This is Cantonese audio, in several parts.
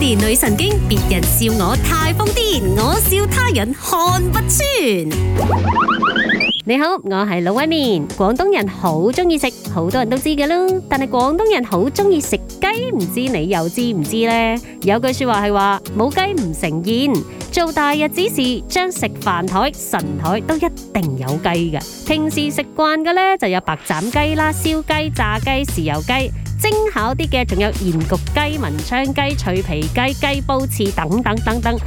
年女神經，別人笑我太瘋癲，我笑他人看不穿。你好，我係龍紋敏，廣東人好中意食，好多人都知噶啦。但係廣東人好中意食雞，唔知你又知唔知呢？有句說話係話，冇雞唔成宴，做大日子時，將食飯台、神台都一定有雞噶。平時食慣嘅呢，就有白斬雞啦、燒雞、炸雞、豉油雞。精巧啲嘅，仲有鹽焗雞、文昌雞、脆皮雞、雞煲翅等等等等。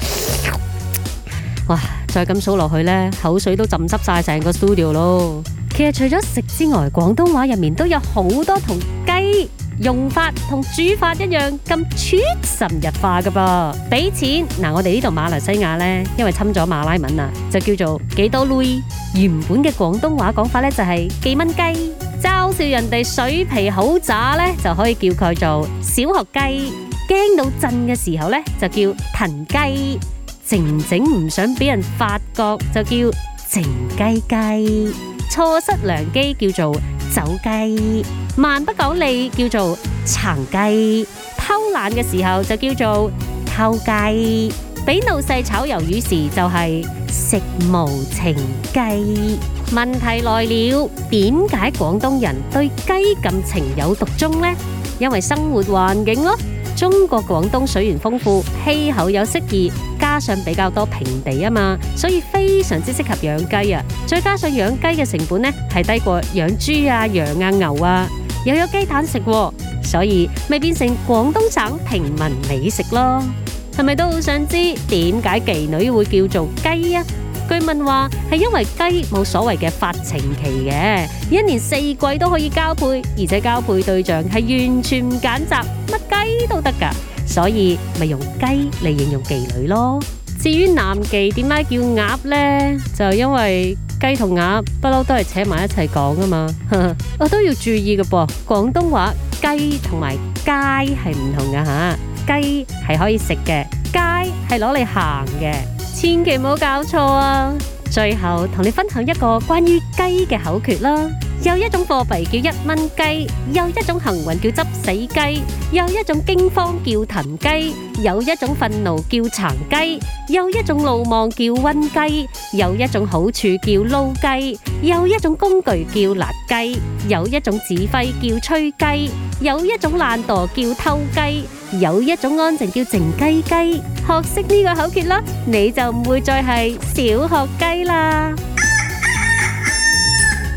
哇！再咁數落去咧，口水都浸濕晒成個 studio 咯。其實除咗食之外，廣東話入面都有好多同雞用法同煮法一樣咁出神入化噶噃。俾錢嗱、啊，我哋呢度馬來西亞呢，因為侵咗馬拉文啊，就叫做幾多鐳。原本嘅廣東話講法呢、就是，就係幾蚊雞。嘲笑人哋水皮好渣呢，就可以叫佢做小學雞；驚到震嘅時候呢，就叫騰雞；靜靜唔想俾人發覺就叫靜雞雞；錯失良機叫做走雞；蠻不講理叫做殘雞；偷懶嘅時候就叫做偷雞；俾老細炒魷魚時就係食無情雞。問題來了，點解廣東人對雞咁情有獨鍾呢？因為生活環境咯，中國廣東水源豐富，氣候有適宜，加上比較多平地啊嘛，所以非常之適合養雞啊！再加上養雞嘅成本呢，係低過養豬啊、羊啊、牛啊，又有雞蛋食，啊，所以咪變成廣東省平民美食咯。係咪都好想知點解妓女會叫做雞啊？據問話係因為雞冇所謂嘅發情期嘅，一年四季都可以交配，而且交配對象係完全唔揀擇，乜雞都得噶所以咪用雞嚟形容妓女咯。至於南妓點解叫鴨呢？就因為雞同鴨不嬲都係扯埋一齊講噶嘛， 我都要注意嘅噃。廣東話雞同埋街係唔同噶吓，雞係可以食嘅，街係攞嚟行嘅。千祈唔好搞錯啊！最後同你分享一個關於雞嘅口訣啦～有一種貨幣叫一蚊雞，有一種行運叫執死雞，有一種驚慌叫騰雞，有一種憤怒叫殘雞，有一種路望叫溫雞，有一種好處叫撈雞，有一種工具叫辣雞，有一種指揮叫吹雞，有一種懶惰叫偷雞，有一種安靜叫靜雞雞。學識呢個口訣啦，你就唔會再係小學雞啦。